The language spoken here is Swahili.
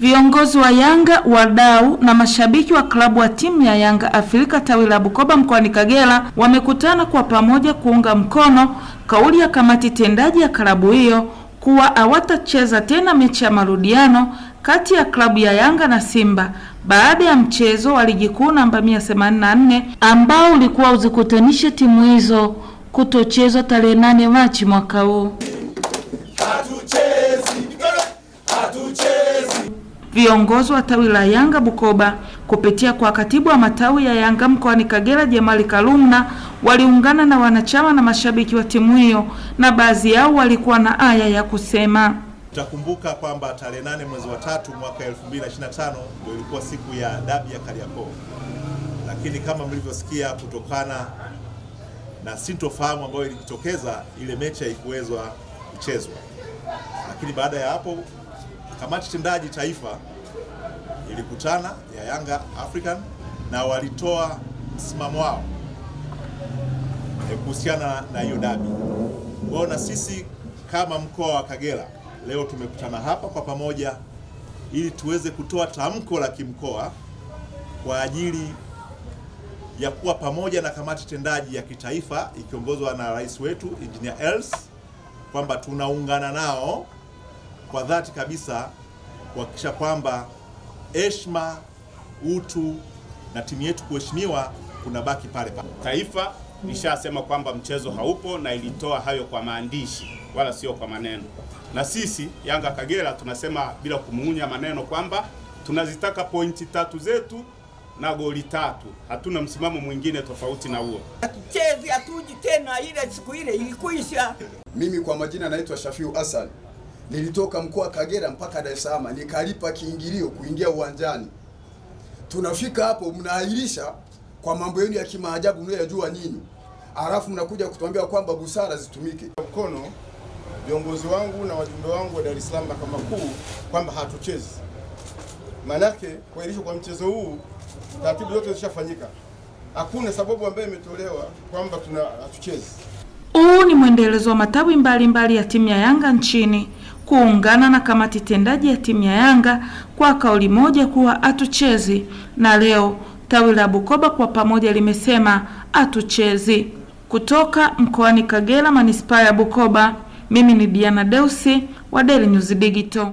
Viongozi wa Yanga, wadau na mashabiki wa klabu wa timu ya Yanga Afrika tawi la Bukoba mkoani Kagera wamekutana kwa pamoja kuunga mkono kauli ya kamati tendaji ya klabu hiyo kuwa hawatacheza tena mechi ya marudiano kati ya klabu ya Yanga na Simba baada ya mchezo wa ligi kuu namba 184 ambao ulikuwa uzikutanishe timu hizo kutochezwa tarehe 8 Machi mwaka huu. Viongozi wa tawi la Yanga Bukoba kupitia kwa katibu wa matawi ya Yanga mkoani Kagera Jamali Kalumna waliungana na wanachama na mashabiki wa timu hiyo, na baadhi yao walikuwa na aya ya kusema. utakumbuka kwamba tarehe nane mwezi wa tatu mwaka 2025 ndio ilikuwa siku ya dabi ya Kariakoo, lakini kama mlivyosikia, kutokana na sintofahamu ambayo ilijitokeza, ile mechi haikuwezwa kuchezwa, lakini baada ya hapo kamati tendaji taifa ilikutana ya Yanga African na walitoa msimamo wao eh, kuhusiana na hiyo dabi. kwao na sisi kama mkoa wa Kagera leo tumekutana hapa kwa pamoja ili tuweze kutoa tamko la kimkoa kwa ajili ya kuwa pamoja na kamati tendaji ya kitaifa ikiongozwa na rais wetu Engineer Els kwamba tunaungana nao kwa dhati kabisa kuhakikisha kwamba heshima, utu na timu yetu kuheshimiwa kunabaki pale pale. Taifa lishasema kwamba mchezo haupo na ilitoa hayo kwa maandishi wala sio kwa maneno, na sisi Yanga Kagera tunasema bila kumung'unya maneno kwamba tunazitaka pointi tatu zetu na goli tatu. Hatuna msimamo mwingine tofauti na huo. Hatuchezi, hatuji tena, ile siku ile ilikuisha. Mimi kwa majina naitwa Shafiu Asali nilitoka mkoa wa Kagera mpaka Dar es Salaam, nikalipa kiingilio kuingia uwanjani. Tunafika hapo, mnaahirisha kwa mambo yenu ya kimaajabu mnayojua nini, alafu mnakuja kutuambia kwamba busara zitumike. Mkono viongozi wangu na wajumbe wangu wa Dar es Salaam Mahakama Kuu kwamba hatuchezi, manake kuahirishwa kwa mchezo huu, taratibu zote zishafanyika. Hakuna sababu ambayo imetolewa kwamba tuna hatuchezi. Huu ni mwendelezo wa matawi mbalimbali mbali ya timu ya Yanga nchini kuungana na kamati tendaji ya timu ya Yanga kwa kauli moja kuwa hatuchezi, na leo tawi la Bukoba kwa pamoja limesema hatuchezi. Kutoka mkoani Kagera, manispaa ya Bukoba, mimi ni Diana Deusi wa Daily News Digital.